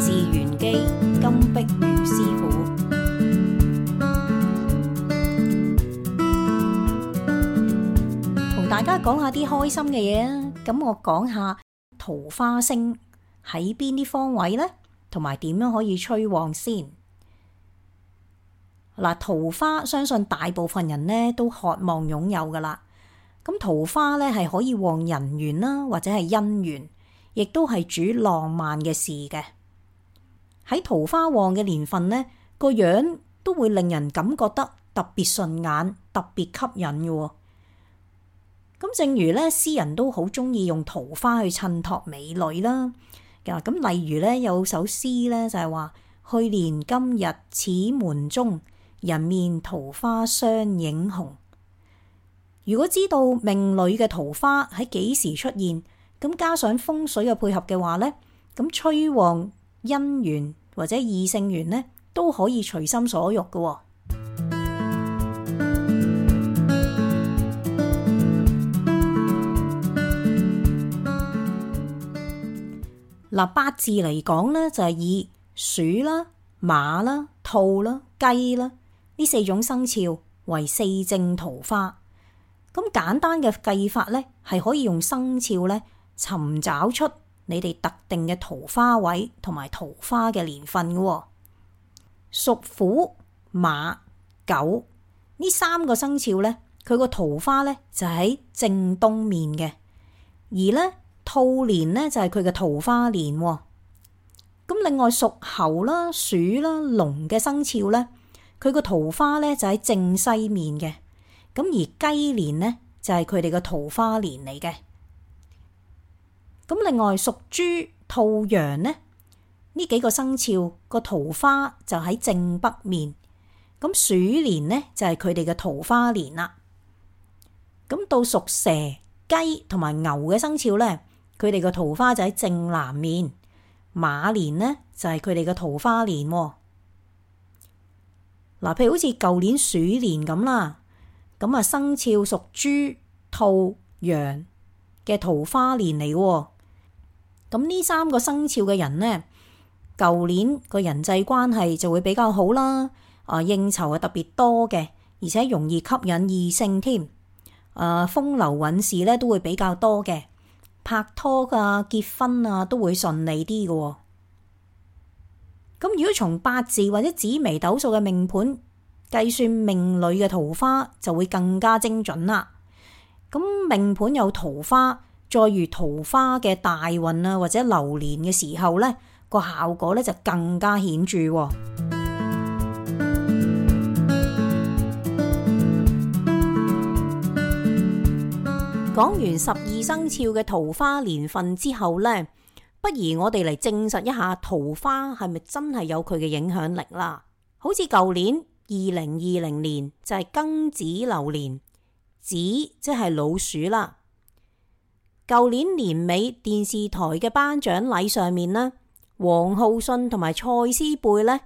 自元機金碧如師傅，同大家講下啲開心嘅嘢啊。咁我講下桃花星喺邊啲方位呢？同埋點樣可以催旺先嗱。桃花相信大部分人呢都渴望擁有噶啦。咁桃花呢係可以旺人緣啦，或者係姻緣，亦都係主浪漫嘅事嘅。喺桃花旺嘅年份呢，個樣都會令人感覺得特別順眼，特別吸引嘅。咁正如呢，詩人都好中意用桃花去襯托美女啦。咁例如呢，有首詩呢，就係話：去年今日此門中，人面桃花相映紅。如果知道命裡嘅桃花喺幾時出現，咁加上風水嘅配合嘅話呢，咁催旺。姻緣或者異性緣咧，都可以隨心所欲㗎喎。嗱，八字嚟講呢就係、是、以鼠啦、馬啦、兔啦、雞啦呢四種生肖為四正桃花。咁簡單嘅計法呢，係可以用生肖咧，尋找出。你哋特定嘅桃花位同埋桃花嘅年份嘅。哦，屬虎、馬、狗呢三個生肖咧，佢個桃花咧就喺正東面嘅；而咧兔年呢，就係佢嘅桃花年。咁另外屬猴啦、鼠啦、龍嘅生肖咧，佢個桃花咧就喺正西面嘅。咁而雞年呢，就係佢哋嘅桃花年嚟嘅。咁另外屬豬、兔、羊呢，呢幾個生肖個桃花就喺正北面。咁鼠年呢，就係佢哋嘅桃花年啦。咁到屬蛇、雞同埋牛嘅生肖呢，佢哋嘅桃花就喺正南面。馬年呢，就係佢哋嘅桃花年。嗱，譬如好似舊年鼠年咁啦，咁啊生肖屬豬、兔、羊嘅桃花年嚟。咁呢三個生肖嘅人呢，舊年個人際關係就會比較好啦，啊應酬係特別多嘅，而且容易吸引異性添，啊風流韻事呢都會比較多嘅，拍拖啊結婚啊都會順利啲嘅。咁如果從八字或者紫微斗數嘅命盤計算命裏嘅桃花，就會更加精準啦。咁命盤有桃花。再如桃花嘅大運啊，或者流年嘅時候呢，個效果呢，就更加顯著、哦。講完十二生肖嘅桃花年份之後呢，不如我哋嚟證實一下桃花係咪真係有佢嘅影響力啦？好似舊年二零二零年就係、是、庚子流年，子即係老鼠啦。舊年年尾電視台嘅頒獎禮上面呢，王浩信同埋蔡思貝呢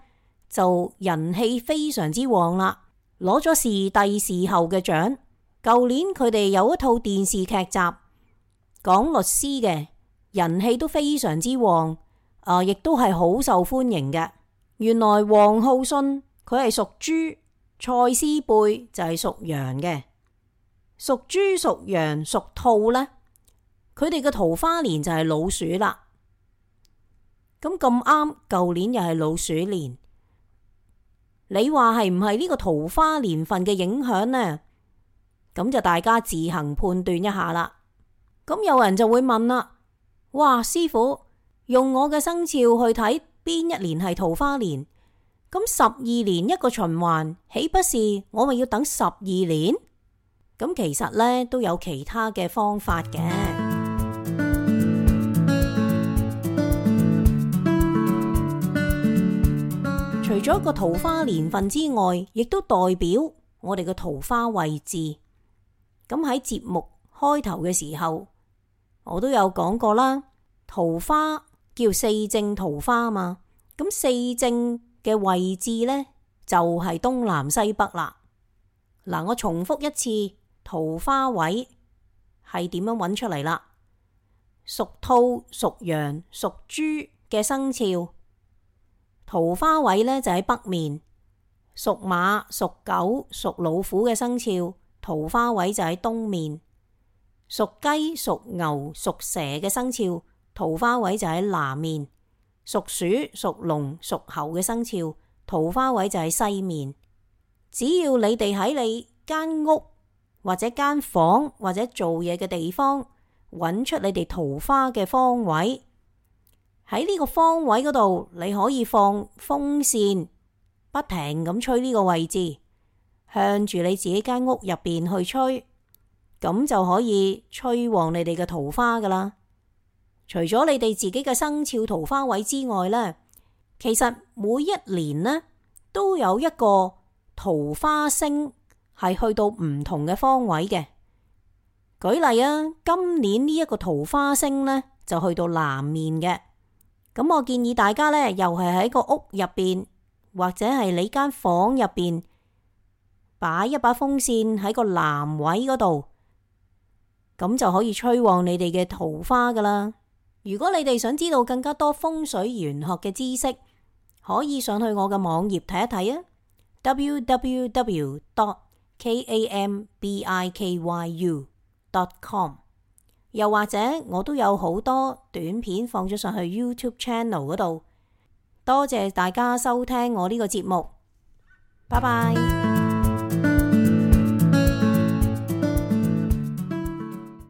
就人氣非常之旺啦，攞咗視帝視后嘅獎。舊年佢哋有一套電視劇集講律師嘅，人氣都非常之旺，啊、呃，亦都係好受歡迎嘅。原來王浩信佢係屬豬，蔡思貝就係屬羊嘅，屬豬屬羊屬兔呢？佢哋嘅桃花年就係老鼠啦，咁咁啱，舊年又係老鼠年，你話係唔係呢個桃花年份嘅影響呢？咁就大家自行判斷一下啦。咁有人就會問啦：哇，師傅，用我嘅生肖去睇邊一年係桃花年？咁十二年一個循環，豈不是我咪要等十二年？咁其實呢，都有其他嘅方法嘅。除咗一個桃花年份之外，亦都代表我哋嘅桃花位置。咁喺節目開頭嘅時候，我都有講過啦。桃花叫四正桃花嘛。咁四正嘅位置呢，就係東南西北啦。嗱，我重複一次，桃花位係點樣揾出嚟啦？屬兔、屬羊、屬豬嘅生肖。桃花位呢，就喺北面，屬馬、屬狗、屬老虎嘅生肖；桃花位就喺東面，屬雞、屬牛、屬蛇嘅生肖；桃花位就喺南面，屬鼠、屬龍、屬猴嘅生肖；桃花位就喺西面。只要你哋喺你間屋或者間房或者做嘢嘅地方，揾出你哋桃花嘅方位。喺呢個方位嗰度，你可以放風扇，不停咁吹呢個位置，向住你自己間屋入邊去吹，咁就可以吹旺你哋嘅桃花噶啦。除咗你哋自己嘅生肖桃花位之外呢，其實每一年呢，都有一個桃花星係去到唔同嘅方位嘅。舉例啊，今年呢一個桃花星呢，就去到南面嘅。咁我建議大家呢，又係喺個屋入邊或者係你間房入邊，擺一把風扇喺個南位嗰度，咁就可以吹旺你哋嘅桃花噶啦。如果你哋想知道更加多風水玄學嘅知識，可以上去我嘅網頁睇一睇啊。www dot kambikyu.com 又或者我都有好多短片放咗上去 YouTube channel 嗰度，多謝大家收聽我呢個節目，拜拜。